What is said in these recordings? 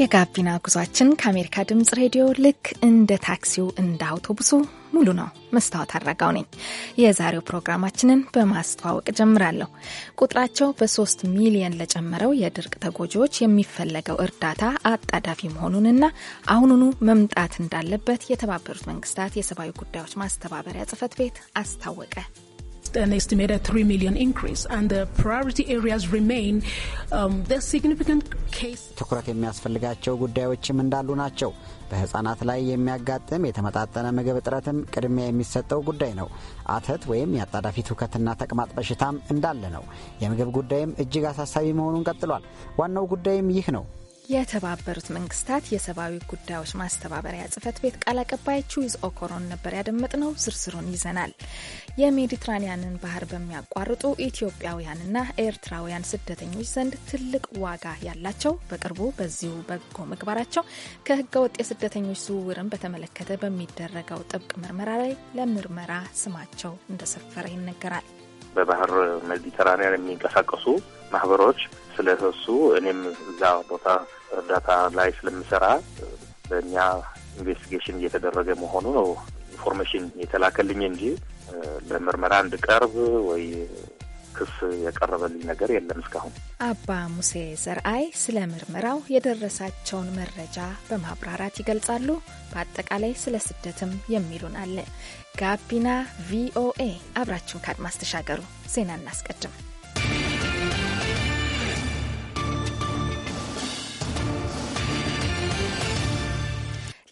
የጋቢና ጉዟችን ከአሜሪካ ድምጽ ሬዲዮ ልክ እንደ ታክሲው እንደ አውቶቡሱ ሙሉ ነው። መስታወት አድረጋው ነኝ። የዛሬው ፕሮግራማችንን በማስተዋወቅ ጀምራለሁ። ቁጥራቸው በሶስት ሚሊየን ለጨመረው የድርቅ ተጎጂዎች የሚፈለገው እርዳታ አጣዳፊ መሆኑንና አሁኑኑ መምጣት እንዳለበት የተባበሩት መንግስታት የሰብአዊ ጉዳዮች ማስተባበሪያ ጽህፈት ቤት አስታወቀ። an estimated 3 million increase and the priority areas remain um, the significant case ትኩረት የሚያስፈልጋቸው ጉዳዮችም እንዳሉ ናቸው። በህጻናት ላይ የሚያጋጥም የተመጣጠነ ምግብ እጥረትም ቅድሚያ የሚሰጠው ጉዳይ ነው። አተት ወይም የአጣዳፊ ትውከትና ተቅማጥ በሽታም እንዳለ ነው። የምግብ ጉዳይም እጅግ አሳሳቢ መሆኑን ቀጥሏል። ዋናው ጉዳይም ይህ ነው። የተባበሩት መንግስታት የሰብአዊ ጉዳዮች ማስተባበሪያ ጽህፈት ቤት ቃል አቀባይ ቹዊዝ ኦኮሮን ነበር ያደመጥነው። ዝርዝሩን ይዘናል። የሜዲትራኒያንን ባህር በሚያቋርጡ ኢትዮጵያውያንና ኤርትራውያን ስደተኞች ዘንድ ትልቅ ዋጋ ያላቸው በቅርቡ በዚሁ በጎ ምግባራቸው ከህገወጥ የስደተኞች ዝውውርን በተመለከተ በሚደረገው ጥብቅ ምርመራ ላይ ለምርመራ ስማቸው እንደሰፈረ ይነገራል። በባህር ሜዲትራኒያን የሚንቀሳቀሱ ማህበሮች ስለተሱ እኔም እዛ ቦታ እርዳታ ላይ ስለምሰራ በእኛ ኢንቨስቲጌሽን እየተደረገ መሆኑ ነው ኢንፎርሜሽን የተላከልኝ እንጂ ለምርመራ እንድቀርብ ወይ ክስ የቀረበልኝ ነገር የለም እስካሁን። አባ ሙሴ ዘርአይ ስለ ምርመራው የደረሳቸውን መረጃ በማብራራት ይገልጻሉ። በአጠቃላይ ስለ ስደትም የሚሉን አለ። ጋቢና ቪኦኤ አብራችሁን ከአድማስ ተሻገሩ። ዜና እናስቀድም።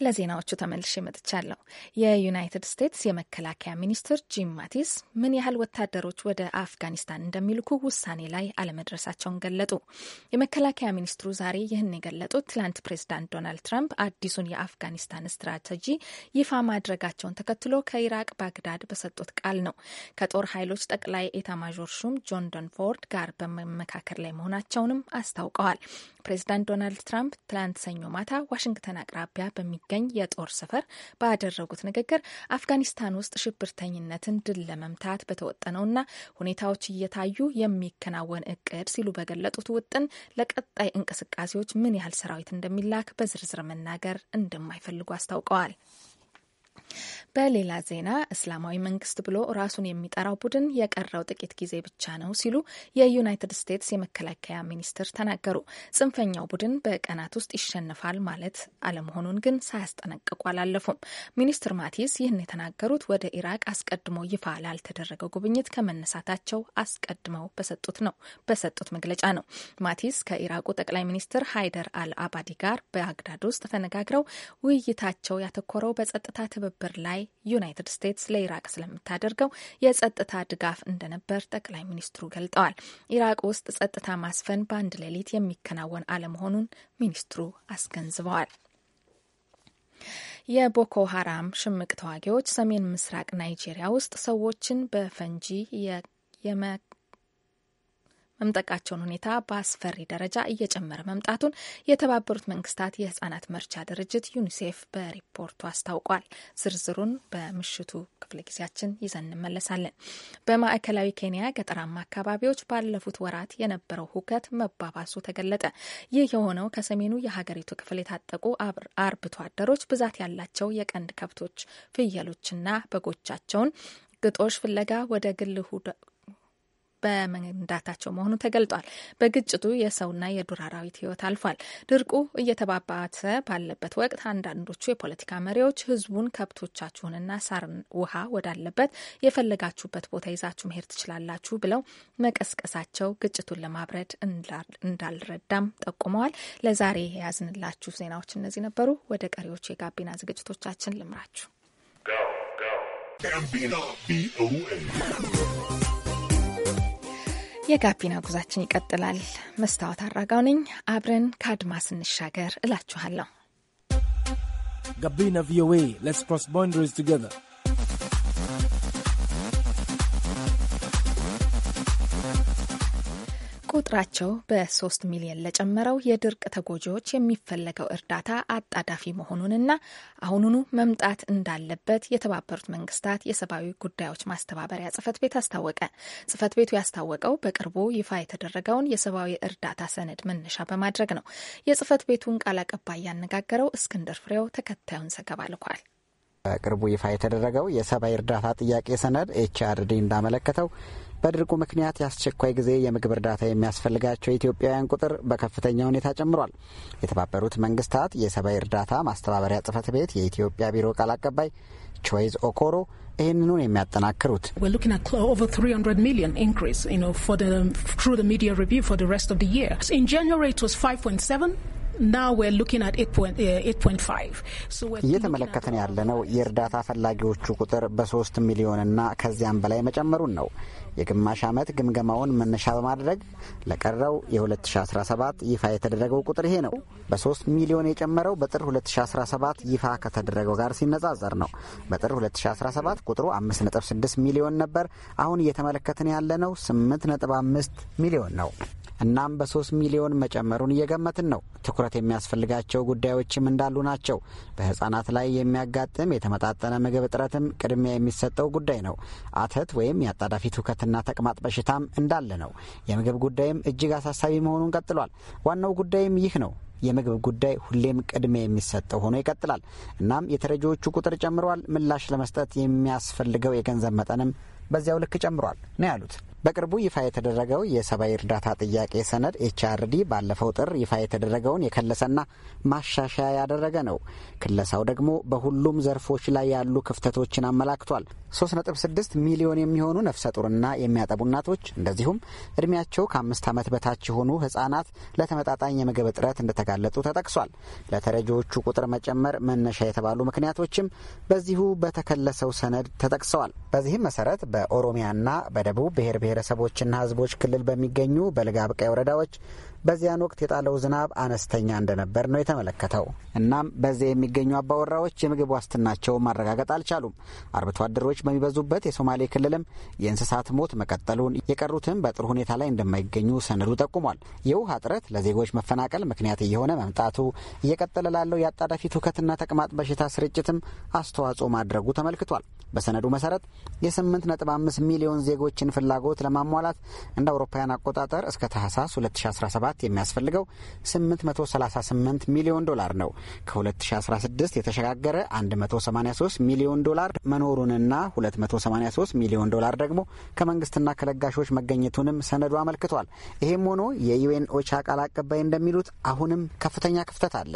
ለዜናዎቹ ተመልሼ መጥቻለሁ። የዩናይትድ ስቴትስ የመከላከያ ሚኒስትር ጂም ማቲስ ምን ያህል ወታደሮች ወደ አፍጋኒስታን እንደሚልኩ ውሳኔ ላይ አለመድረሳቸውን ገለጡ። የመከላከያ ሚኒስትሩ ዛሬ ይህን የገለጡት ትላንት ፕሬዚዳንት ዶናልድ ትራምፕ አዲሱን የአፍጋኒስታን ስትራቴጂ ይፋ ማድረጋቸውን ተከትሎ ከኢራቅ ባግዳድ በሰጡት ቃል ነው። ከጦር ኃይሎች ጠቅላይ ኤታማዦር ሹም ጆን ዶንፎርድ ጋር በመመካከር ላይ መሆናቸውንም አስታውቀዋል። ፕሬዚዳንት ዶናልድ ትራምፕ ትላንት ሰኞ ማታ ዋሽንግተን አቅራቢያ በሚ በሚገኝ የጦር ሰፈር ባደረጉት ንግግር አፍጋኒስታን ውስጥ ሽብርተኝነትን ድል ለመምታት በተወጠነውና ሁኔታዎች እየታዩ የሚከናወን እቅድ ሲሉ በገለጡት ውጥን ለቀጣይ እንቅስቃሴዎች ምን ያህል ሰራዊት እንደሚላክ በዝርዝር መናገር እንደማይፈልጉ አስታውቀዋል። በሌላ ዜና እስላማዊ መንግስት ብሎ ራሱን የሚጠራው ቡድን የቀረው ጥቂት ጊዜ ብቻ ነው ሲሉ የዩናይትድ ስቴትስ የመከላከያ ሚኒስትር ተናገሩ። ጽንፈኛው ቡድን በቀናት ውስጥ ይሸንፋል ማለት አለመሆኑን ግን ሳያስጠነቅቁ አላለፉም። ሚኒስትር ማቲስ ይህን የተናገሩት ወደ ኢራቅ አስቀድሞ ይፋ ላልተደረገው ጉብኝት ከመነሳታቸው አስቀድመው በሰጡት ነው በሰጡት መግለጫ ነው። ማቲስ ከኢራቁ ጠቅላይ ሚኒስትር ሃይደር አል አባዲ ጋር በአግዳድ ውስጥ ተነጋግረው ውይይታቸው ያተኮረው በጸጥታ ትብብ ትብብር ላይ ዩናይትድ ስቴትስ ለኢራቅ ስለምታደርገው የጸጥታ ድጋፍ እንደነበር ጠቅላይ ሚኒስትሩ ገልጠዋል። ኢራቅ ውስጥ ጸጥታ ማስፈን በአንድ ሌሊት የሚከናወን አለመሆኑን ሚኒስትሩ አስገንዝበዋል። የቦኮ ሀራም ሽምቅ ተዋጊዎች ሰሜን ምስራቅ ናይጄሪያ ውስጥ ሰዎችን በፈንጂ የመ መምጠቃቸውን ሁኔታ በአስፈሪ ደረጃ እየጨመረ መምጣቱን የተባበሩት መንግስታት የህጻናት መርቻ ድርጅት ዩኒሴፍ በሪፖርቱ አስታውቋል። ዝርዝሩን በምሽቱ ክፍለ ጊዜያችን ይዘን እንመለሳለን። በማዕከላዊ ኬንያ ገጠራማ አካባቢዎች ባለፉት ወራት የነበረው ሁከት መባባሱ ተገለጠ። ይህ የሆነው ከሰሜኑ የሀገሪቱ ክፍል የታጠቁ አርብቶ አደሮች ብዛት ያላቸው የቀንድ ከብቶች፣ ፍየሎችና በጎቻቸውን ግጦሽ ፍለጋ ወደ ግል በመንዳታቸው መሆኑ ተገልጧል። በግጭቱ የሰውና የዱር አራዊት ሕይወት አልፏል። ድርቁ እየተባባሰ ባለበት ወቅት አንዳንዶቹ የፖለቲካ መሪዎች ህዝቡን ከብቶቻችሁንና ሳር ውሃ ወዳለበት የፈለጋችሁበት ቦታ ይዛችሁ መሄድ ትችላላችሁ ብለው መቀስቀሳቸው ግጭቱን ለማብረድ እንዳልረዳም ጠቁመዋል። ለዛሬ የያዝንላችሁ ዜናዎች እነዚህ ነበሩ። ወደ ቀሪዎቹ የጋቢና ዝግጅቶቻችን ልምራችሁ። የጋቢና ጉዛችን ይቀጥላል። መስታወት አራጋው ነኝ። አብረን ከአድማስ እንሻገር እላችኋለሁ። ጋቢና ቪኦኤ ሌትስ ክሮስ ባውንደሪስ ቱጌዘር ቁጥራቸው በሶስት ሚሊዮን ለጨመረው የድርቅ ተጎጂዎች የሚፈለገው እርዳታ አጣዳፊ መሆኑንና አሁኑኑ መምጣት እንዳለበት የተባበሩት መንግስታት የሰብአዊ ጉዳዮች ማስተባበሪያ ጽህፈት ቤት አስታወቀ። ጽህፈት ቤቱ ያስታወቀው በቅርቡ ይፋ የተደረገውን የሰብአዊ እርዳታ ሰነድ መነሻ በማድረግ ነው። የጽህፈት ቤቱን ቃል አቀባይ ያነጋገረው እስክንድር ፍሬው ተከታዩን ዘገባ ልኳል። በቅርቡ ይፋ የተደረገው የሰብአዊ እርዳታ ጥያቄ ሰነድ ኤችአርዲ እንዳመለከተው በድርቁ ምክንያት የአስቸኳይ ጊዜ የምግብ እርዳታ የሚያስፈልጋቸው ኢትዮጵያውያን ቁጥር በከፍተኛ ሁኔታ ጨምሯል። የተባበሩት መንግስታት የሰብአዊ እርዳታ ማስተባበሪያ ጽህፈት ቤት የኢትዮጵያ ቢሮ ቃል አቀባይ ቾይዝ ኦኮሮ ይህንኑን የሚያጠናክሩት ሚሊዮን Uh, እየተመለከትን ያለነው የእርዳታ ፈላጊዎቹ ቁጥር በሶስት ሚሊዮንና ከዚያም በላይ መጨመሩን ነው። የግማሽ ዓመት ግምገማውን መነሻ በማድረግ ለቀረው የ2017 ይፋ የተደረገው ቁጥር ይሄ ነው። በ3 ሚሊዮን የጨመረው በጥር 2017 ይፋ ከተደረገው ጋር ሲነጻጸር ነው። በጥር 2017 ቁጥሩ 5.6 ሚሊዮን ነበር። አሁን እየተመለከትን ያለነው 8.5 ሚሊዮን ነው። እናም በሶስት ሚሊዮን መጨመሩን እየገመትን ነው። ትኩረት የሚያስፈልጋቸው ጉዳዮችም እንዳሉ ናቸው። በህጻናት ላይ የሚያጋጥም የተመጣጠነ ምግብ እጥረትም ቅድሚያ የሚሰጠው ጉዳይ ነው። አተት ወይም የአጣዳፊ ትውከትና ተቅማጥ በሽታም እንዳለ ነው። የምግብ ጉዳይም እጅግ አሳሳቢ መሆኑን ቀጥሏል። ዋናው ጉዳይም ይህ ነው። የምግብ ጉዳይ ሁሌም ቅድሚያ የሚሰጠው ሆኖ ይቀጥላል። እናም የተረጂዎቹ ቁጥር ጨምሯል። ምላሽ ለመስጠት የሚያስፈልገው የገንዘብ መጠንም በዚያው ልክ ጨምሯል ነው ያሉት በቅርቡ ይፋ የተደረገው የሰብአዊ እርዳታ ጥያቄ ሰነድ ኤችአርዲ ባለፈው ጥር ይፋ የተደረገውን የከለሰና ማሻሻያ ያደረገ ነው። ክለሳው ደግሞ በሁሉም ዘርፎች ላይ ያሉ ክፍተቶችን አመላክቷል። 3.6 ሚሊዮን የሚሆኑ ነፍሰ ጡርና የሚያጠቡ እናቶች እንደዚሁም እድሜያቸው ከአምስት ዓመት በታች የሆኑ ህጻናት ለተመጣጣኝ የምግብ እጥረት እንደተጋለጡ ተጠቅሷል። ለተረጂዎቹ ቁጥር መጨመር መነሻ የተባሉ ምክንያቶችም በዚሁ በተከለሰው ሰነድ ተጠቅሰዋል። በዚህም መሰረት በኦሮሚያና በደቡብ ብሔር ብሔረሰቦችና ህዝቦች ክልል በሚገኙ በልጋ ወረዳዎች በዚያን ወቅት የጣለው ዝናብ አነስተኛ እንደነበር ነው የተመለከተው። እናም በዚያ የሚገኙ አባወራዎች የምግብ ዋስትናቸውን ማረጋገጥ አልቻሉም። አርብቶ አደሮች በሚበዙበት የሶማሌ ክልልም የእንስሳት ሞት መቀጠሉን፣ የቀሩትም በጥሩ ሁኔታ ላይ እንደማይገኙ ሰነዱ ጠቁሟል። የውሃ እጥረት ለዜጎች መፈናቀል ምክንያት እየሆነ መምጣቱ እየቀጠለ ላለው የአጣዳፊ ትውከትና ተቅማጥ በሽታ ስርጭትም አስተዋጽኦ ማድረጉ ተመልክቷል። በሰነዱ መሰረት የ8.5 ሚሊዮን ዜጎችን ፍላጎት ለማሟላት እንደ አውሮፓውያን አቆጣጠር እስከ ታህሳስ 2017 ለመስራት የሚያስፈልገው 838 ሚሊዮን ዶላር ነው። ከ2016 የተሸጋገረ 183 ሚሊዮን ዶላር መኖሩንና 283 ሚሊዮን ዶላር ደግሞ ከመንግስትና ከለጋሾች መገኘቱንም ሰነዱ አመልክቷል። ይህም ሆኖ የዩኤን ኦቻ ቃል አቀባይ እንደሚሉት አሁንም ከፍተኛ ክፍተት አለ።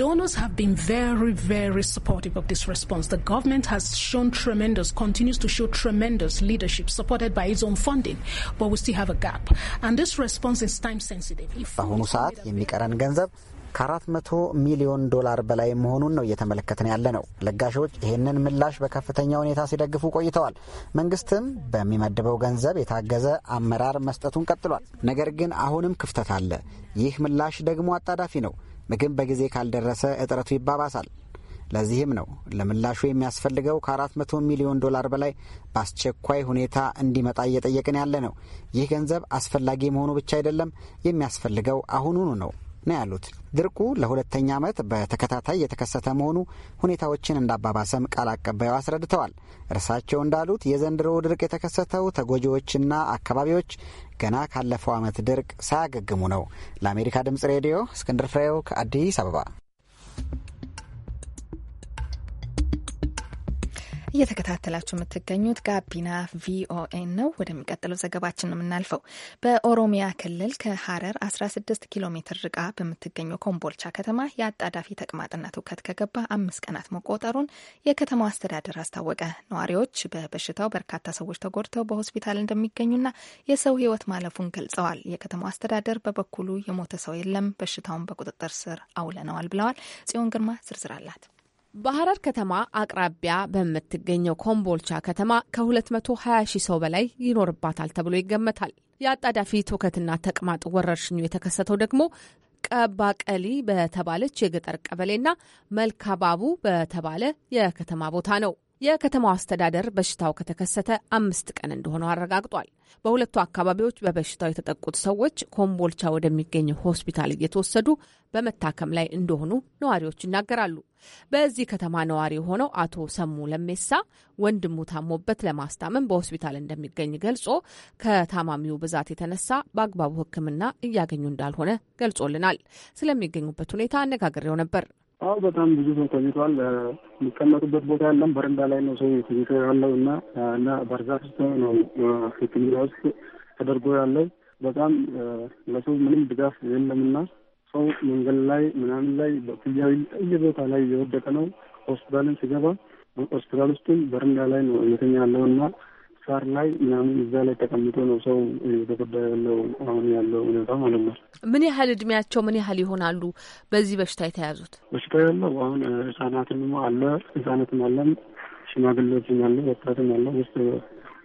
ዶነርስ ሪ ሪ ስፖርቲቭ ኦፍ ዲስ ሪስፖንስ ዘ ጎቨርንመንት ሃዝ ሾን ስ ኮንቲኒውስ ቱ ሾ ትሬመንደስ ሊደርሺፕ supported by its own funding, but we still have a gap. And this response is time sensitive. በአሁኑ ሰዓት የሚቀረን ገንዘብ ከአራት መቶ ሚሊዮን ዶላር በላይ መሆኑን ነው እየተመለከትን ያለ ነው። ለጋሾች ይህንን ምላሽ በከፍተኛ ሁኔታ ሲደግፉ ቆይተዋል። መንግስትም በሚመድበው ገንዘብ የታገዘ አመራር መስጠቱን ቀጥሏል። ነገር ግን አሁንም ክፍተት አለ። ይህ ምላሽ ደግሞ አጣዳፊ ነው። ምግብ በጊዜ ካልደረሰ እጥረቱ ይባባሳል። ለዚህም ነው ለምላሹ የሚያስፈልገው ከ400 ሚሊዮን ዶላር በላይ በአስቸኳይ ሁኔታ እንዲመጣ እየጠየቅን ያለ ነው። ይህ ገንዘብ አስፈላጊ መሆኑ ብቻ አይደለም፣ የሚያስፈልገው አሁኑኑ ነው ነው ያሉት። ድርቁ ለሁለተኛ ዓመት በተከታታይ የተከሰተ መሆኑ ሁኔታዎችን እንዳባባሰም ቃል አቀባዩ አስረድተዋል። እርሳቸው እንዳሉት የዘንድሮ ድርቅ የተከሰተው ተጎጂዎችና አካባቢዎች ገና ካለፈው ዓመት ድርቅ ሳያገግሙ ነው። ለአሜሪካ ድምጽ ሬዲዮ እስክንድር ፍሬው ከአዲስ አበባ እየተከታተላችሁ የምትገኙት ጋቢና ቪኦኤን ነው። ወደሚቀጥለው ዘገባችን ነው የምናልፈው። በኦሮሚያ ክልል ከሀረር 16 ኪሎ ሜትር ርቃ በምትገኘው ኮምቦልቻ ከተማ የአጣዳፊ ተቅማጥና ትውከት ከገባ አምስት ቀናት መቆጠሩን የከተማው አስተዳደር አስታወቀ። ነዋሪዎች በበሽታው በርካታ ሰዎች ተጎድተው በሆስፒታል እንደሚገኙና የሰው ሕይወት ማለፉን ገልጸዋል። የከተማው አስተዳደር በበኩሉ የሞተ ሰው የለም፣ በሽታውን በቁጥጥር ስር አውለነዋል ብለዋል። ጽዮን ግርማ ዝርዝር አላት። በሐረር ከተማ አቅራቢያ በምትገኘው ኮምቦልቻ ከተማ ከ220 ሺህ ሰው በላይ ይኖርባታል ተብሎ ይገመታል። የአጣዳፊ ትውከትና ተቅማጥ ወረርሽኙ የተከሰተው ደግሞ ቀባቀሊ በተባለች የገጠር ቀበሌና መልካባቡ በተባለ የከተማ ቦታ ነው። የከተማው አስተዳደር በሽታው ከተከሰተ አምስት ቀን እንደሆነው አረጋግጧል። በሁለቱ አካባቢዎች በበሽታው የተጠቁት ሰዎች ኮምቦልቻ ወደሚገኘው ሆስፒታል እየተወሰዱ በመታከም ላይ እንደሆኑ ነዋሪዎች ይናገራሉ። በዚህ ከተማ ነዋሪ የሆነው አቶ ሰሙ ለሜሳ ወንድሙ ታሞበት ለማስታመም በሆስፒታል እንደሚገኝ ገልጾ ከታማሚው ብዛት የተነሳ በአግባቡ ሕክምና እያገኙ እንዳልሆነ ገልጾልናል። ስለሚገኙበት ሁኔታ አነጋግሬው ነበር። አዎ በጣም ብዙ ሰው ተኝቷል። የሚቀመጡበት ቦታ የለም። በረንዳ ላይ ነው ሰው ተኝቶ ያለው እና እና በርዛፍ ነው ሕክምና ውስጥ ተደርጎ ያለው በጣም ለሰው ምንም ድጋፍ የለምና ሰው መንገድ ላይ ምናምን ላይ ጠይ ቦታ ላይ እየወደቀ ነው። ሆስፒታልን ሲገባ ሆስፒታል ውስጥም በርንዳ ላይ ነው እየተኛ ያለው እና ሳር ላይ ምናምን እዛ ላይ ተቀምጦ ነው ሰው እየተጎዳ ያለው አሁን ያለው ሁኔታ ማለት ነው። ምን ያህል እድሜያቸው ምን ያህል ይሆናሉ በዚህ በሽታ የተያዙት? በሽታ ያለው አሁን ህጻናትም አለ ህጻናትም አለ ሽማግሌዎችም አለ ወጣትም አለ ውስጥ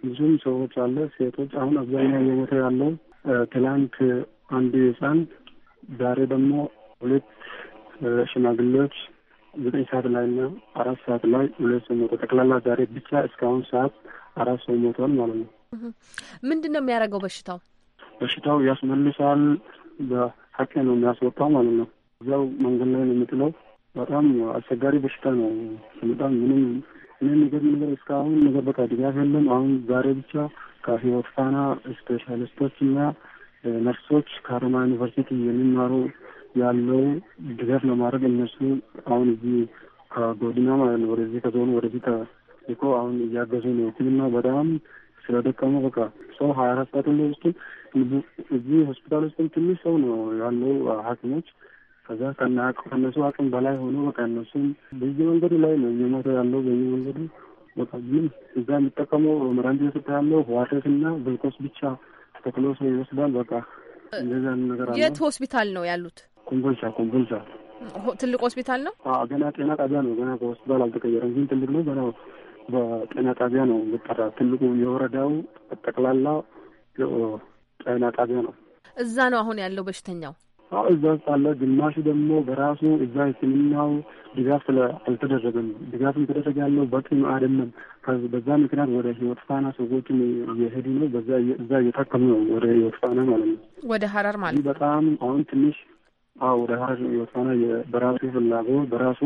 ብዙም ሰዎች አለ ሴቶች አሁን አብዛኛው የቦታ ያለው ትላንት አንድ ህጻን ዛሬ ደግሞ ሁለት ሽማግሌዎች ዘጠኝ ሰዓት ላይ እና አራት ሰዓት ላይ ሁለት ሰው ሞቶ ጠቅላላ ዛሬ ብቻ እስካሁን ሰዓት አራት ሰው ሞቷል ማለት ነው። ምንድን ነው የሚያደርገው በሽታው? በሽታው ያስመልሳል፣ በሀቄ ነው የሚያስወጣው ማለት ነው። እዚያው መንገድ ላይ ነው የምጥለው። በጣም አስቸጋሪ በሽታ ነው። በጣም ምንም እኔ ነገር ነገር እስካሁን ነገር በቃ ድጋፍ የለም። አሁን ዛሬ ብቻ ከህይወት ፋና ስፔሻሊስቶች እና ነርሶች ከአሮማ ዩኒቨርሲቲ የሚማሩ ያለው ድጋፍ ለማድረግ እነሱ አሁን እዚህ ከጎድና ማለት ነው ወደዚህ ከዞኑ ወደዚህ ተልኮ አሁን እያገዙ ነው። ህክምና በጣም ስለደቀሙ በቃ ሰው ሀያ አራት ሰዓት ነው ውስጥ እዚህ ሆስፒታል ውስጥም ትንሽ ሰው ነው ያለው ሐኪሞች ከዛ ከናቅ ከነሱ አቅም በላይ ሆኖ በቃ እነሱም መንገዱ ላይ ነው እየሞተ ያለው መንገዱ በቃ ግን እዛ የሚጠቀመው መድኃኒት ስታ ያለው ዋተት ዋተስና ብልኮስ ብቻ ተክሎ ሰው ይወስዳል። በቃ እንደዛ ነገር አለ። የት ሆስፒታል ነው ያሉት? ኮምቦልቻ ኮምቦልቻ ትልቅ ሆስፒታል ነው። ገና ጤና ጣቢያ ነው። ገና በሆስፒታል አልተቀየረም፣ ግን ትልቅ ነው። ገና በጤና ጣቢያ ነው የሚጠራ። ትልቁ የወረዳው ጠቅላላ ጤና ጣቢያ ነው። እዛ ነው አሁን ያለው በሽተኛው። አዎ እዛ ውስጥ አለ። ግማሹ ደግሞ በራሱ እዛ ሕክምናው ድጋፍ ስለ አልተደረገም። ድጋፍ ተደረገ ያለው በቂ አይደለም። በዛ ምክንያት ወደ ህይወት ፋና ሰዎችም እየሄዱ ነው። እዛ እየታከሙ ነው፣ ወደ ህይወት ፋና ማለት ነው፣ ወደ ሀረር ማለት በጣም አሁን ትንሽ አዎ፣ ወደ ሀረር ህይወት ፋና በራሱ ፍላጎት በራሱ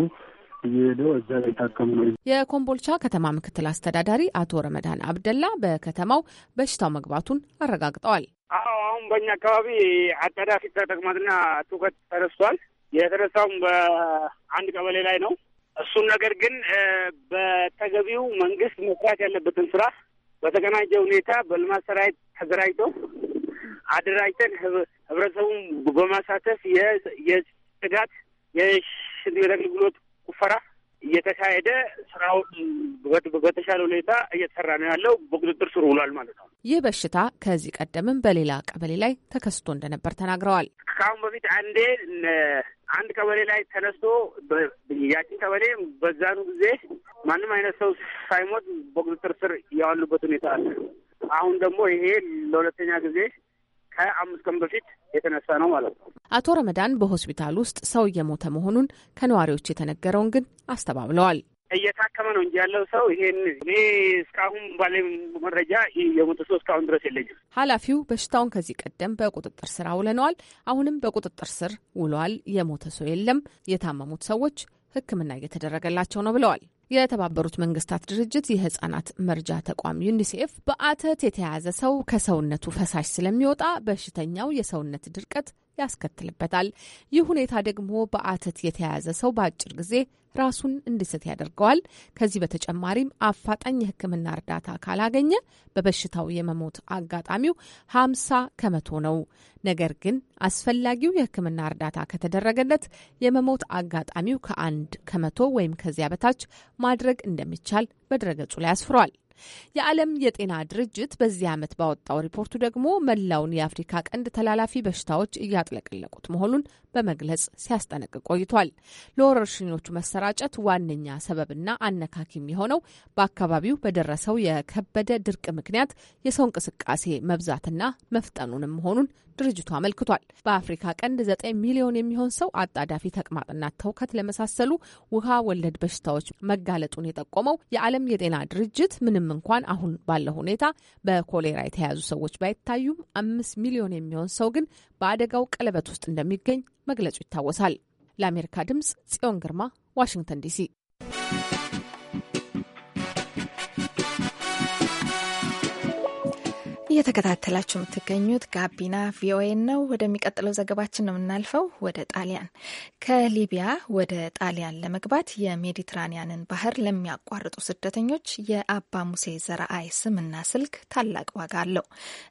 የኮምቦልቻ ከተማ ምክትል አስተዳዳሪ አቶ ረመዳን አብደላ በከተማው በሽታው መግባቱን አረጋግጠዋል። አዎ አሁን በእኛ አካባቢ አጣዳፊ ተቅማጥና ትውከት ተነስቷል። የተነሳውም በአንድ ቀበሌ ላይ ነው። እሱን ነገር ግን በተገቢው መንግስት መስራት ያለበትን ስራ በተቀናጀ ሁኔታ በልማት ሰራዊት ተደራጅተው አደራጅተን ህብረተሰቡን በማሳተፍ የጽዳት፣ የሽንት ቤት አገልግሎት፣ ቁፈራ እየተካሄደ ስራውን በተሻለ ሁኔታ እየተሰራ ነው ያለው። በቁጥጥር ስር ውሏል ማለት ነው። ይህ በሽታ ከዚህ ቀደምም በሌላ ቀበሌ ላይ ተከስቶ እንደነበር ተናግረዋል። ከአሁን በፊት አንዴ አንድ ቀበሌ ላይ ተነስቶ ያችን ቀበሌ በዛኑ ጊዜ ማንም አይነት ሰው ሳይሞት በቁጥጥር ስር ያዋሉበት ሁኔታ አለ። አሁን ደግሞ ይሄ ለሁለተኛ ጊዜ ከአምስት ቀን በፊት የተነሳ ነው ማለት ነው። አቶ ረመዳን በሆስፒታል ውስጥ ሰው እየሞተ መሆኑን ከነዋሪዎች የተነገረውን ግን አስተባብለዋል። እየታከመ ነው እንጂ ያለው ሰው ይሄን እኔ እስካሁን ባለ መረጃ የሞተ ሰው እስካሁን ድረስ የለኝም። ኃላፊው በሽታውን ከዚህ ቀደም በቁጥጥር ስር አውለነዋል፣ አሁንም በቁጥጥር ስር ውሏል የሞተ ሰው የለም፣ የታመሙት ሰዎች ሕክምና እየተደረገላቸው ነው ብለዋል። የተባበሩት መንግስታት ድርጅት የህጻናት መርጃ ተቋም ዩኒሴፍ በአተት የተያዘ ሰው ከሰውነቱ ፈሳሽ ስለሚወጣ በሽተኛው የሰውነት ድርቀት ያስከትልበታል። ይህ ሁኔታ ደግሞ በአተት የተያዘ ሰው በአጭር ጊዜ ራሱን እንዲስት ያደርገዋል። ከዚህ በተጨማሪም አፋጣኝ የሕክምና እርዳታ ካላገኘ በበሽታው የመሞት አጋጣሚው 50 ከመቶ ነው። ነገር ግን አስፈላጊው የሕክምና እርዳታ ከተደረገለት የመሞት አጋጣሚው ከአንድ ከመቶ ወይም ከዚያ በታች ማድረግ እንደሚቻል በድረገጹ ላይ አስፍሯል። የዓለም የጤና ድርጅት በዚህ ዓመት ባወጣው ሪፖርቱ ደግሞ መላውን የአፍሪካ ቀንድ ተላላፊ በሽታዎች እያጥለቀለቁት መሆኑን በመግለጽ ሲያስጠነቅቅ ቆይቷል። ለወረርሽኞቹ መሰራጨት ዋነኛ ሰበብና አነካኪም የሆነው በአካባቢው በደረሰው የከበደ ድርቅ ምክንያት የሰው እንቅስቃሴ መብዛትና መፍጠኑንም መሆኑን ድርጅቱ አመልክቷል። በአፍሪካ ቀንድ ዘጠኝ ሚሊዮን የሚሆን ሰው አጣዳፊ ተቅማጥና ተውከት ለመሳሰሉ ውሃ ወለድ በሽታዎች መጋለጡን የጠቆመው የዓለም የጤና ድርጅት ምንም እንኳን አሁን ባለው ሁኔታ በኮሌራ የተያዙ ሰዎች ባይታዩም አምስት ሚሊዮን የሚሆን ሰው ግን በአደጋው ቀለበት ውስጥ እንደሚገኝ መግለጹ ይታወሳል። ለአሜሪካ ድምጽ ጽዮን ግርማ ዋሽንግተን ዲሲ። እየተከታተላችሁ የምትገኙት ጋቢና ቪኦኤን ነው። ወደሚቀጥለው ዘገባችን ነው የምናልፈው፣ ወደ ጣሊያን። ከሊቢያ ወደ ጣሊያን ለመግባት የሜዲትራኒያንን ባህር ለሚያቋርጡ ስደተኞች የአባ ሙሴ ዘረአይ ስምና ስልክ ታላቅ ዋጋ አለው።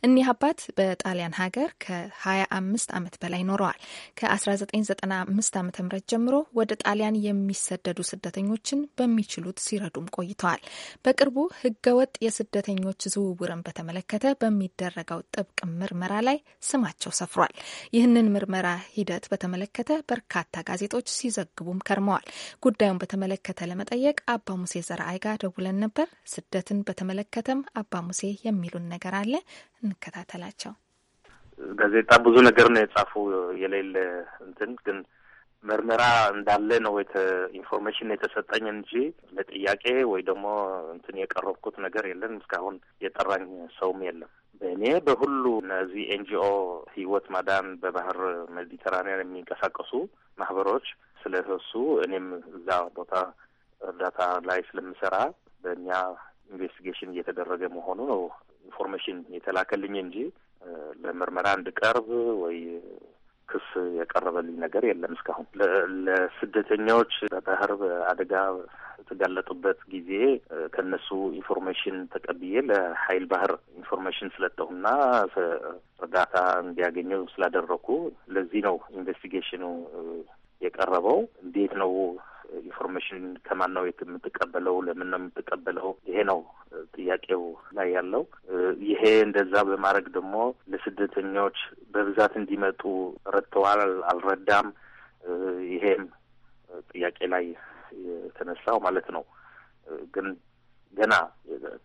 እኒህ አባት በጣሊያን ሀገር ከ25 ዓመት በላይ ኖረዋል። ከ1995 ዓ ም ጀምሮ ወደ ጣሊያን የሚሰደዱ ስደተኞችን በሚችሉት ሲረዱም ቆይተዋል። በቅርቡ ህገወጥ የስደተኞች ዝውውርን በተመለከተ በሚደረገው ጥብቅ ምርመራ ላይ ስማቸው ሰፍሯል። ይህንን ምርመራ ሂደት በተመለከተ በርካታ ጋዜጦች ሲዘግቡም ከርመዋል። ጉዳዩን በተመለከተ ለመጠየቅ አባ ሙሴ ዘርአይ ጋ ደውለን ነበር። ስደትን በተመለከተም አባ ሙሴ የሚሉን ነገር አለ። እንከታተላቸው። ጋዜጣ ብዙ ነገር ነው የጻፉ የሌለ እንትን ግን ምርመራ እንዳለ ነው ኢንፎርሜሽን የተሰጠኝ እንጂ ለጥያቄ ወይ ደግሞ እንትን የቀረብኩት ነገር የለም። እስካሁን የጠራኝ ሰውም የለም። እኔ በሁሉ እነዚህ ኤንጂኦ ህይወት ማዳን በባህር ሜዲተራኒያን የሚንቀሳቀሱ ማህበሮች ስለተሱ እኔም እዛ ቦታ እርዳታ ላይ ስለምሰራ በእኛ ኢንቨስቲጌሽን እየተደረገ መሆኑ ነው ኢንፎርሜሽን የተላከልኝ እንጂ ለምርመራ እንድቀርብ ወይ ክስ የቀረበልኝ ነገር የለም። እስካሁን ለስደተኞች በባህር አደጋ የተጋለጡበት ጊዜ ከነሱ ኢንፎርሜሽን ተቀብዬ ለሀይል ባህር ኢንፎርሜሽን ስለጠሁና እርዳታ እንዲያገኘው ስላደረኩ ለዚህ ነው ኢንቨስቲጌሽኑ የቀረበው። እንዴት ነው ኢንፎርሜሽን ከማን ነው የምትቀበለው? ለምን ነው የምትቀበለው? ይሄ ነው ጥያቄው ላይ ያለው። ይሄ እንደዛ በማድረግ ደግሞ ለስደተኞች በብዛት እንዲመጡ ረድተዋል አልረዳም? ይሄም ጥያቄ ላይ የተነሳው ማለት ነው። ግን ገና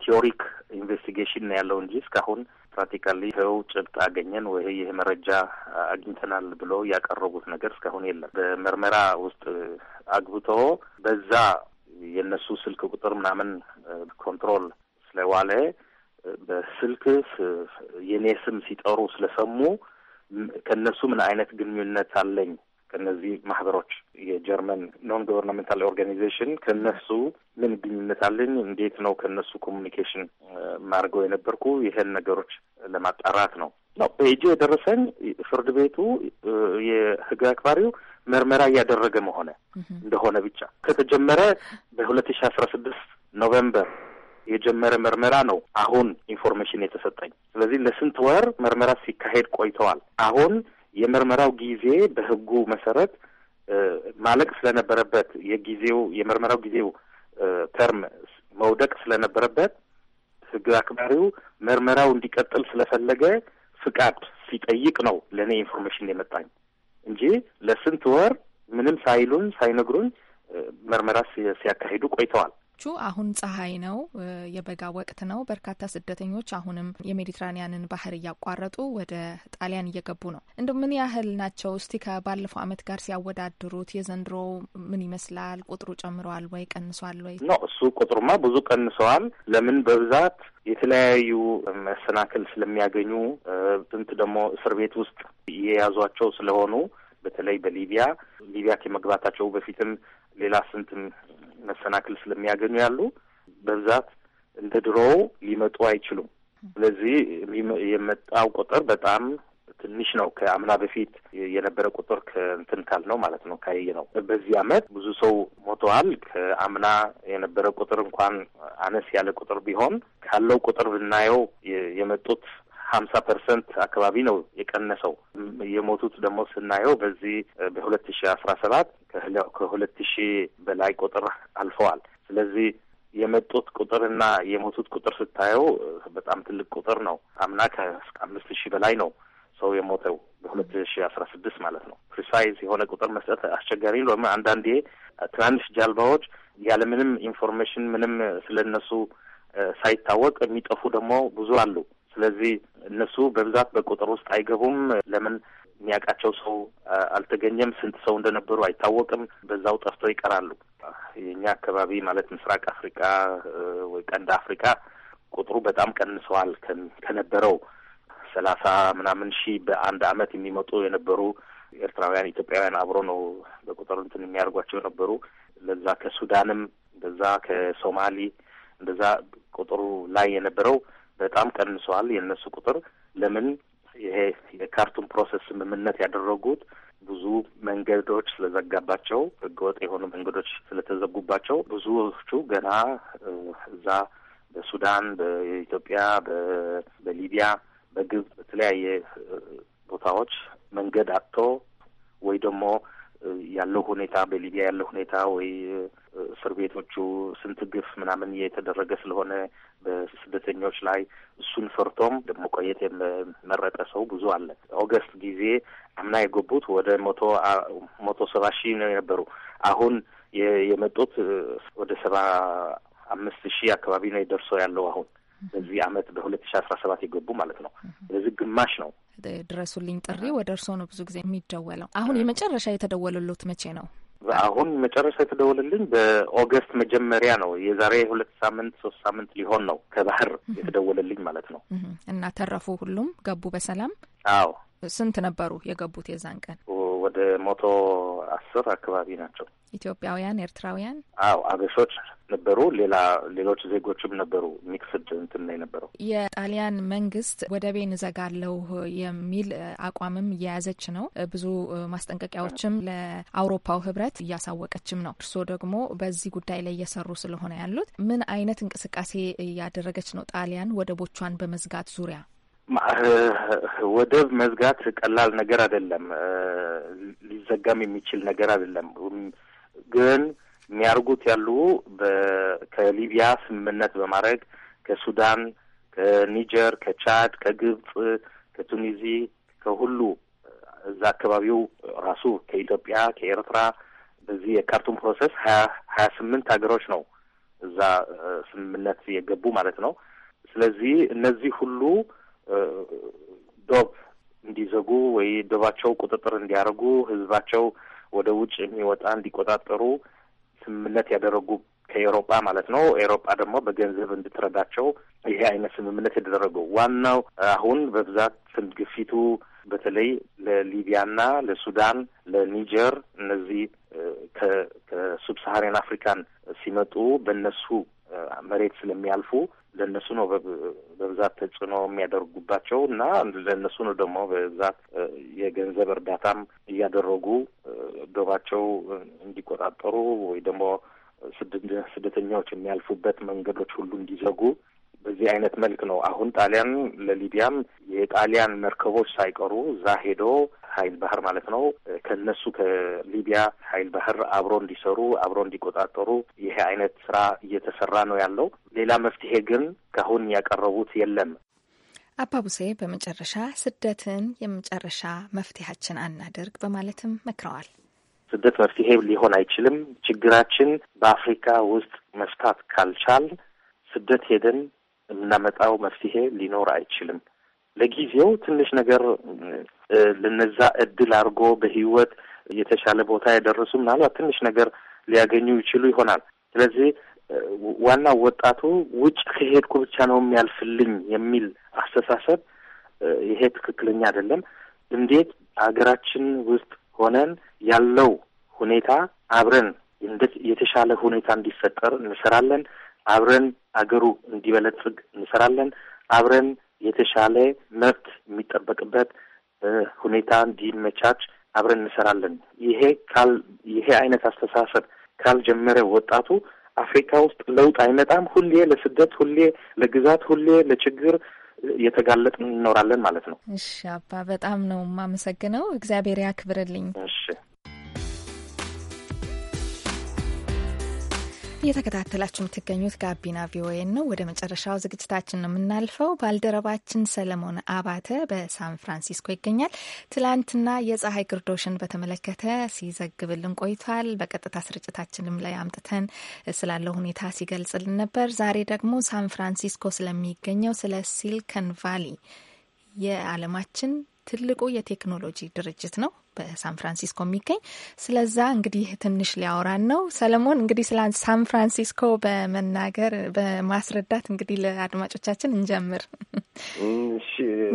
ቲዮሪክ ኢንቨስቲጌሽን ነው ያለው እንጂ እስካሁን ፕራክቲካሊ ይኸው ጭብጥ አገኘን ወይ ይህ መረጃ አግኝተናል ብሎ ያቀረቡት ነገር እስካሁን የለም። በምርመራ ውስጥ አግብቶ በዛ የእነሱ ስልክ ቁጥር ምናምን ኮንትሮል ስለዋለ በስልክ የኔ ስም ሲጠሩ ስለሰሙ ከእነሱ ምን አይነት ግንኙነት አለኝ ከእነዚህ ማህበሮች የጀርመን ኖን ጎቨርናሜንታል ኦርጋኒዜሽን ከነሱ ምን ግንኙነት አለኝ? እንዴት ነው ከነሱ ኮሚኒኬሽን ማድርገው የነበርኩ ይህን ነገሮች ለማጣራት ነው ነው እጅ የደረሰኝ ፍርድ ቤቱ የህግ አክባሪው ምርመራ እያደረገ መሆነ እንደሆነ ብቻ ከተጀመረ በሁለት ሺ አስራ ስድስት ኖቬምበር የጀመረ ምርመራ ነው አሁን ኢንፎርሜሽን የተሰጠኝ። ስለዚህ ለስንት ወር ምርመራ ሲካሄድ ቆይተዋል። አሁን የምርመራው ጊዜ በህጉ መሰረት ማለቅ ስለነበረበት የጊዜው የምርመራው ጊዜው ተርም መውደቅ ስለነበረበት ህግ አክባሪው ምርመራው እንዲቀጥል ስለፈለገ ፍቃድ ሲጠይቅ ነው ለእኔ ኢንፎርሜሽን የመጣኝ እንጂ ለስንት ወር ምንም ሳይሉን ሳይነግሩን ምርመራ ሲያካሂዱ ቆይተዋል። ስደተኞቹ አሁን ፀሐይ ነው፣ የበጋ ወቅት ነው። በርካታ ስደተኞች አሁንም የሜዲትራኒያንን ባህር እያቋረጡ ወደ ጣሊያን እየገቡ ነው። እንደ ምን ያህል ናቸው? እስቲ ከባለፈው አመት ጋር ሲያወዳድሩት የዘንድሮ ምን ይመስላል? ቁጥሩ ጨምረዋል ወይ ቀንሷል ወይ? ነው እሱ ቁጥሩማ ብዙ ቀንሰዋል። ለምን በብዛት የተለያዩ መሰናክል ስለሚያገኙ ጥንት ደግሞ እስር ቤት ውስጥ የያዟቸው ስለሆኑ በተለይ በሊቢያ ሊቢያ ከመግባታቸው በፊትም ሌላ ስንትም መሰናክል ስለሚያገኙ ያሉ በብዛት እንደ ድሮው ሊመጡ አይችሉም። ስለዚህ የመጣው ቁጥር በጣም ትንሽ ነው። ከአምና በፊት የነበረ ቁጥር ከእንትን ካል ነው ማለት ነው ካየ ነው። በዚህ አመት ብዙ ሰው ሞተዋል። ከአምና የነበረ ቁጥር እንኳን አነስ ያለ ቁጥር ቢሆን ካለው ቁጥር ብናየው የመጡት ሀምሳ ፐርሰንት አካባቢ ነው የቀነሰው። የሞቱት ደግሞ ስናየው በዚህ በሁለት ሺ አስራ ሰባት ከሁለት ሺ በላይ ቁጥር አልፈዋል። ስለዚህ የመጡት ቁጥርና የሞቱት ቁጥር ስታየው በጣም ትልቅ ቁጥር ነው። አምና ከእስከ አምስት ሺህ በላይ ነው ሰው የሞተው በሁለት ሺ አስራ ስድስት ማለት ነው። ፕሪሳይዝ የሆነ ቁጥር መስጠት አስቸጋሪ ነው። አንዳንዴ ትናንሽ ጀልባዎች ያለምንም ኢንፎርሜሽን ምንም ስለነሱ ሳይታወቅ የሚጠፉ ደግሞ ብዙ አሉ። ስለዚህ እነሱ በብዛት በቁጥር ውስጥ አይገቡም። ለምን የሚያውቃቸው ሰው አልተገኘም። ስንት ሰው እንደነበሩ አይታወቅም። በዛው ጠፍተው ይቀራሉ። የእኛ አካባቢ ማለት ምስራቅ አፍሪካ ወይ ቀንድ አፍሪካ ቁጥሩ በጣም ቀንሰዋል። ከነበረው ሰላሳ ምናምን ሺህ በአንድ አመት የሚመጡ የነበሩ ኤርትራውያን፣ ኢትዮጵያውያን አብሮ ነው በቁጥር እንትን የሚያደርጓቸው የነበሩ ለዛ ከሱዳንም እንደዛ ከሶማሊ እንደዛ ቁጥሩ ላይ የነበረው በጣም ቀንሰዋል የእነሱ ቁጥር። ለምን ይሄ የካርቱም ፕሮሰስ ስምምነት ያደረጉት ብዙ መንገዶች ስለዘጋባቸው ህገወጥ የሆኑ መንገዶች ስለተዘጉባቸው ብዙዎቹ ገና እዛ በሱዳን፣ በኢትዮጵያ፣ በሊቢያ፣ በግብጽ በተለያየ ቦታዎች መንገድ አጥቶ ወይ ደግሞ ያለው ሁኔታ በሊቢያ ያለው ሁኔታ ወይ እስር ቤቶቹ ስንት ግፍ ምናምን የተደረገ ስለሆነ በስደተኞች ላይ እሱን ፈርቶም መቆየት የመረጠ ሰው ብዙ አለ። ኦገስት ጊዜ አምና የገቡት ወደ መቶ መቶ ሰባ ሺህ ነው የነበሩ አሁን የመጡት ወደ ሰባ አምስት ሺህ አካባቢ ነው የደርሰው ያለው አሁን በዚህ አመት በሁለት ሺ አስራ ሰባት የገቡ ማለት ነው። ስለዚህ ግማሽ ነው። ድረሱልኝ ጥሪ ወደ እርስዎ ነው ብዙ ጊዜ የሚደወለው። አሁን የመጨረሻ የተደወለሎት መቼ ነው? አሁን መጨረሻ የተደወለልኝ በኦገስት መጀመሪያ ነው። የዛሬ ሁለት ሳምንት ሶስት ሳምንት ሊሆን ነው ከባህር የተደወለልኝ ማለት ነው። እና ተረፉ? ሁሉም ገቡ በሰላም? አዎ። ስንት ነበሩ የገቡት የዛን ቀን? ወደ መቶ አስር አካባቢ ናቸው። ኢትዮጵያውያን፣ ኤርትራውያን፣ አዎ አበሾች ነበሩ። ሌላ ሌሎች ዜጎችም ነበሩ። ሚክስድ እንትን ነው የነበረው። የጣሊያን መንግስት ወደቤን እዘጋለሁ የሚል አቋምም እየያዘች ነው። ብዙ ማስጠንቀቂያዎችም ለአውሮፓው ህብረት እያሳወቀችም ነው። እርስዎ ደግሞ በዚህ ጉዳይ ላይ እየሰሩ ስለሆነ ያሉት ምን አይነት እንቅስቃሴ እያደረገች ነው ጣሊያን ወደቦቿን በመዝጋት ዙሪያ? ወደብ መዝጋት ቀላል ነገር አይደለም። ሊዘጋም የሚችል ነገር አይደለም። ግን የሚያርጉት ያሉ ከሊቢያ ስምምነት በማድረግ ከሱዳን፣ ከኒጀር፣ ከቻድ፣ ከግብፅ፣ ከቱኒዚ ከሁሉ እዛ አካባቢው ራሱ ከኢትዮጵያ፣ ከኤርትራ በዚህ የካርቱም ፕሮሰስ ሀያ ሀያ ስምንት ሀገሮች ነው እዛ ስምምነት የገቡ ማለት ነው። ስለዚህ እነዚህ ሁሉ ዶብ እንዲዘጉ ወይ ዶባቸው ቁጥጥር እንዲያደርጉ ህዝባቸው ወደ ውጭ የሚወጣ እንዲቆጣጠሩ ስምምነት ያደረጉ ከኤሮጳ ማለት ነው። ኤሮጳ ደግሞ በገንዘብ እንድትረዳቸው ይሄ አይነት ስምምነት የተደረገው ዋናው አሁን በብዛት ስም ግፊቱ በተለይ ለሊቢያና ለሱዳን፣ ለኒጀር እነዚህ ከሱብሳሃሪያን አፍሪካን ሲመጡ በእነሱ መሬት ስለሚያልፉ ለእነሱ ነው በብዛት ተጽዕኖ የሚያደርጉባቸው እና ለእነሱ ነው ደግሞ በብዛት የገንዘብ እርዳታም እያደረጉ ዶባቸው እንዲቆጣጠሩ ወይ ደግሞ ስደተኛዎች የሚያልፉበት መንገዶች ሁሉ እንዲዘጉ በዚህ አይነት መልክ ነው አሁን ጣሊያን ለሊቢያም የጣሊያን መርከቦች ሳይቀሩ እዛ ሄዶ ኃይል ባህር ማለት ነው ከነሱ ከሊቢያ ኃይል ባህር አብሮ እንዲሰሩ አብሮ እንዲቆጣጠሩ ይሄ አይነት ስራ እየተሰራ ነው ያለው። ሌላ መፍትሄ ግን ካሁን ያቀረቡት የለም። አባቡሴ በመጨረሻ ስደትን የመጨረሻ መፍትሄያችን አናደርግ በማለትም መክረዋል። ስደት መፍትሄ ሊሆን አይችልም። ችግራችን በአፍሪካ ውስጥ መፍታት ካልቻል ስደት ሄደን የምናመጣው መፍትሄ ሊኖር አይችልም። ለጊዜው ትንሽ ነገር ለነዛ እድል አድርጎ በህይወት የተሻለ ቦታ የደረሱ ምናልባት ትንሽ ነገር ሊያገኙ ይችሉ ይሆናል። ስለዚህ ዋናው ወጣቱ ውጭ ከሄድኩ ብቻ ነው የሚያልፍልኝ የሚል አስተሳሰብ ይሄ ትክክለኛ አይደለም። እንዴት ሀገራችን ውስጥ ሆነን ያለው ሁኔታ አብረን የተሻለ ሁኔታ እንዲፈጠር እንሰራለን። አብረን አገሩ እንዲበለጽግ እንሰራለን። አብረን የተሻለ መብት የሚጠበቅበት ሁኔታ እንዲመቻች አብረን እንሰራለን። ይሄ ካል ይሄ አይነት አስተሳሰብ ካልጀመረ ወጣቱ አፍሪካ ውስጥ ለውጥ አይመጣም። ሁሌ ለስደት፣ ሁሌ ለግዛት፣ ሁሌ ለችግር የተጋለጥ እንኖራለን ማለት ነው። እሺ አባ፣ በጣም ነው የማመሰግነው። እግዚአብሔር ያክብርልኝ። እየተከታተላችሁ የምትገኙት ጋቢና ቪኦኤ ነው። ወደ መጨረሻው ዝግጅታችን ነው የምናልፈው። ባልደረባችን ሰለሞን አባተ በሳን ፍራንሲስኮ ይገኛል። ትላንትና የፀሐይ ግርዶሽን በተመለከተ ሲዘግብልን ቆይቷል። በቀጥታ ስርጭታችንም ላይ አምጥተን ስላለው ሁኔታ ሲገልጽልን ነበር። ዛሬ ደግሞ ሳን ፍራንሲስኮ ስለሚገኘው ስለ ሲልከን ቫሊ የዓለማችን ትልቁ የቴክኖሎጂ ድርጅት ነው በሳን ፍራንሲስኮ የሚገኝ ስለዛ እንግዲህ ትንሽ ሊያወራን ነው ሰለሞን። እንግዲህ ስለ ሳን ፍራንሲስኮ በመናገር በማስረዳት እንግዲህ ለአድማጮቻችን እንጀምር።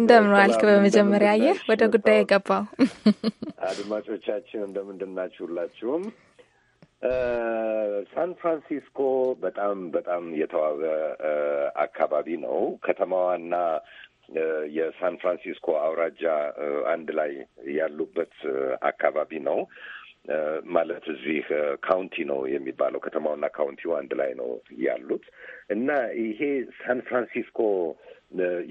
እንደምን ዋልክ? በመጀመሪያ አየህ ወደ ጉዳይ የገባው አድማጮቻችን እንደምንድናችሁ? ሁላችሁም ሳን ፍራንሲስኮ በጣም በጣም የተዋበ አካባቢ ነው። ከተማዋና የሳን ፍራንሲስኮ አውራጃ አንድ ላይ ያሉበት አካባቢ ነው። ማለት እዚህ ካውንቲ ነው የሚባለው ከተማውና ካውንቲው አንድ ላይ ነው ያሉት እና ይሄ ሳን ፍራንሲስኮ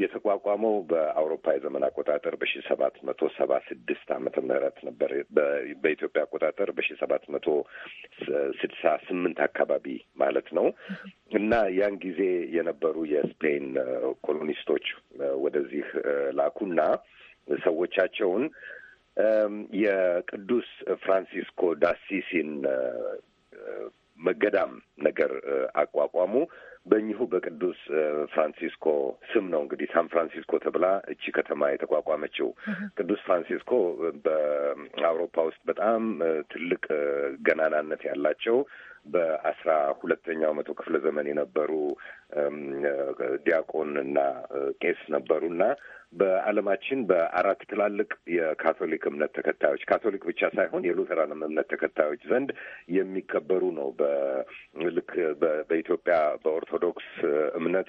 የተቋቋመው በአውሮፓ የዘመን አቆጣጠር በሺ ሰባት መቶ ሰባ ስድስት አመተ ምህረት ነበር። በኢትዮጵያ አቆጣጠር በሺ ሰባት መቶ ስድሳ ስምንት አካባቢ ማለት ነው እና ያን ጊዜ የነበሩ የስፔን ኮሎኒስቶች ወደዚህ ላኩና ሰዎቻቸውን የቅዱስ ፍራንሲስኮ ዳሲሲን መገዳም ነገር አቋቋሙ። በእኚሁ በቅዱስ ፍራንሲስኮ ስም ነው እንግዲህ ሳን ፍራንሲስኮ ተብላ እቺ ከተማ የተቋቋመችው። ቅዱስ ፍራንሲስኮ በአውሮፓ ውስጥ በጣም ትልቅ ገናናነት ያላቸው በአስራ ሁለተኛው መቶ ክፍለ ዘመን የነበሩ ዲያቆን እና ቄስ ነበሩ እና በዓለማችን በአራት ትላልቅ የካቶሊክ እምነት ተከታዮች ካቶሊክ ብቻ ሳይሆን የሉተራንም እምነት ተከታዮች ዘንድ የሚከበሩ ነው። በልክ በኢትዮጵያ በኦርቶዶክስ እምነት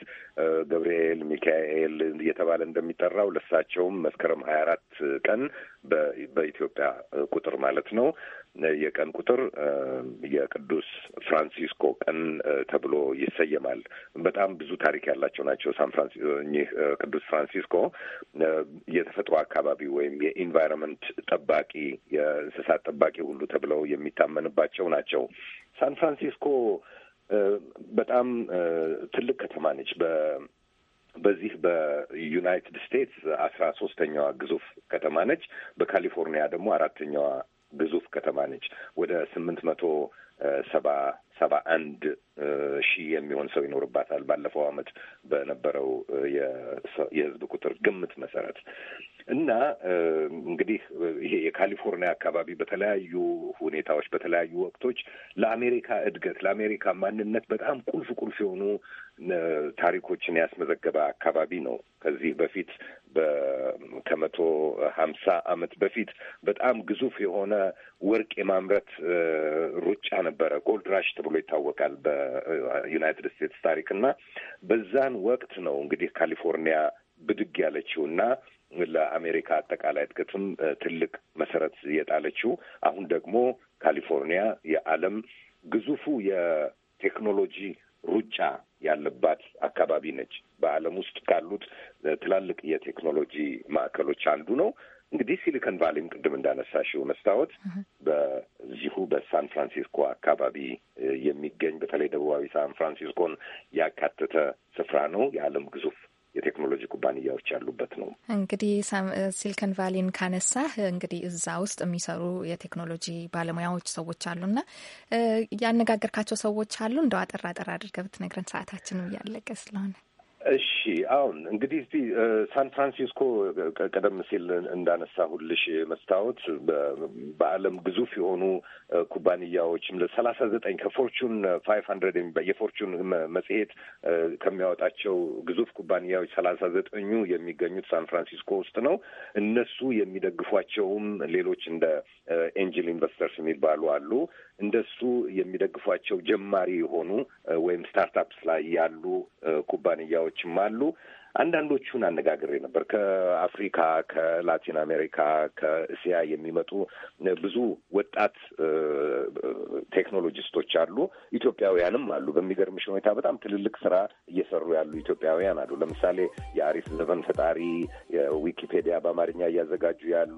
ገብርኤል፣ ሚካኤል እየተባለ እንደሚጠራው ለሳቸውም መስከረም ሀያ አራት ቀን በኢትዮጵያ ቁጥር ማለት ነው የቀን ቁጥር የቅዱስ ፍራንሲስኮ ቀን ተብሎ ይሰየማል። በጣም ብዙ ታሪክ ያላቸው ናቸው። ሳን ፍራንሲስኮ ቅዱስ ፍራንሲስኮ የተፈጥሮ አካባቢ ወይም የኢንቫይሮንመንት ጠባቂ፣ የእንስሳት ጠባቂ ሁሉ ተብለው የሚታመንባቸው ናቸው። ሳን ፍራንሲስኮ በጣም ትልቅ ከተማ ነች። በዚህ በዩናይትድ ስቴትስ አስራ ሶስተኛዋ ግዙፍ ከተማ ነች። በካሊፎርኒያ ደግሞ አራተኛዋ ግዙፍ ከተማ ነች። ወደ ስምንት መቶ ሰባ ሰባ አንድ ሺህ የሚሆን ሰው ይኖርባታል። ባለፈው ዓመት በነበረው የህዝብ ቁጥር ግምት መሰረት እና እንግዲህ ይሄ የካሊፎርኒያ አካባቢ በተለያዩ ሁኔታዎች በተለያዩ ወቅቶች ለአሜሪካ እድገት ለአሜሪካ ማንነት በጣም ቁልፍ ቁልፍ የሆኑ ታሪኮችን ያስመዘገበ አካባቢ ነው። ከዚህ በፊት ከመቶ ሀምሳ አመት በፊት በጣም ግዙፍ የሆነ ወርቅ የማምረት ሩጫ ነበረ። ጎልድ ራሽ ተብሎ ይታወቃል በዩናይትድ ስቴትስ ታሪክ እና በዛን ወቅት ነው እንግዲህ ካሊፎርኒያ ብድግ ያለችው እና ለአሜሪካ አጠቃላይ እድገትም ትልቅ መሰረት የጣለችው። አሁን ደግሞ ካሊፎርኒያ የዓለም ግዙፉ የቴክኖሎጂ ሩጫ ያለባት አካባቢ ነች። በዓለም ውስጥ ካሉት ትላልቅ የቴክኖሎጂ ማዕከሎች አንዱ ነው። እንግዲህ ሲሊከን ቫሊም ቅድም እንዳነሳሽው መስታወት በዚሁ በሳን ፍራንሲስኮ አካባቢ የሚገኝ በተለይ ደቡባዊ ሳን ፍራንሲስኮን ያካተተ ስፍራ ነው። የዓለም ግዙፍ የቴክኖሎጂ ኩባንያዎች ያሉበት ነው። እንግዲህ ሲልከን ቫሊን ካነሳህ እንግዲህ እዛ ውስጥ የሚሰሩ የቴክኖሎጂ ባለሙያዎች ሰዎች አሉና ያነጋገርካቸው ሰዎች አሉ? እንደው አጠር አጠር አድርገህ ብትነግረን፣ ሰዓታችንም እያለቀ ስለሆነ። እሺ አሁን እንግዲህ እስቲ ሳን ፍራንሲስኮ ቀደም ሲል እንዳነሳ ሁልሽ መስታወት በዓለም ግዙፍ የሆኑ ኩባንያዎችም ለሰላሳ ዘጠኝ ከፎርቹን ፋይቭ ሀንድረድ የሚባል የፎርቹን መጽሔት ከሚያወጣቸው ግዙፍ ኩባንያዎች ሰላሳ ዘጠኙ የሚገኙት ሳን ፍራንሲስኮ ውስጥ ነው። እነሱ የሚደግፏቸውም ሌሎች እንደ ኤንጅል ኢንቨስተርስ የሚባሉ አሉ። እንደሱ የሚደግፏቸው ጀማሪ የሆኑ ወይም ስታርታፕስ ላይ ያሉ ኩባንያዎችም አሉ። ያሉ አንዳንዶቹን አነጋግሬ ነበር። ከአፍሪካ፣ ከላቲን አሜሪካ፣ ከእስያ የሚመጡ ብዙ ወጣት ቴክኖሎጂስቶች አሉ። ኢትዮጵያውያንም አሉ። በሚገርምሽ ሁኔታ በጣም ትልልቅ ስራ እየሰሩ ያሉ ኢትዮጵያውያን አሉ። ለምሳሌ የአሪፍ ዘመን ፈጣሪ የዊኪፔዲያ በአማርኛ እያዘጋጁ ያሉ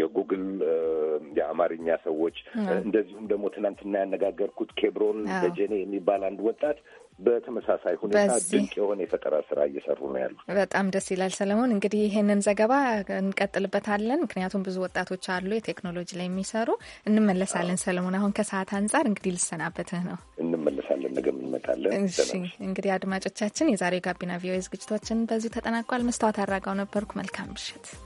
የጉግል የአማርኛ ሰዎች፣ እንደዚሁም ደግሞ ትናንትና ያነጋገርኩት ኬብሮን ደጀኔ የሚባል አንድ ወጣት በተመሳሳይ ሁኔታ ድንቅ የሆነ የፈጠራ ስራ እየሰሩ ነው ያሉት። በጣም ደስ ይላል። ሰለሞን እንግዲህ ይህንን ዘገባ እንቀጥልበታለን፣ ምክንያቱም ብዙ ወጣቶች አሉ የቴክኖሎጂ ላይ የሚሰሩ እንመለሳለን። ሰለሞን አሁን ከሰዓት አንጻር እንግዲህ ልሰናበትህ ነው። እንመለሳለን፣ ነገ እንመጣለን። እንግዲህ አድማጮቻችን፣ የዛሬው ጋቢና ቪኦኤ ዝግጅቶችን በዚሁ ተጠናቋል። መስታወት አራጋው ነበርኩ። መልካም ምሽት።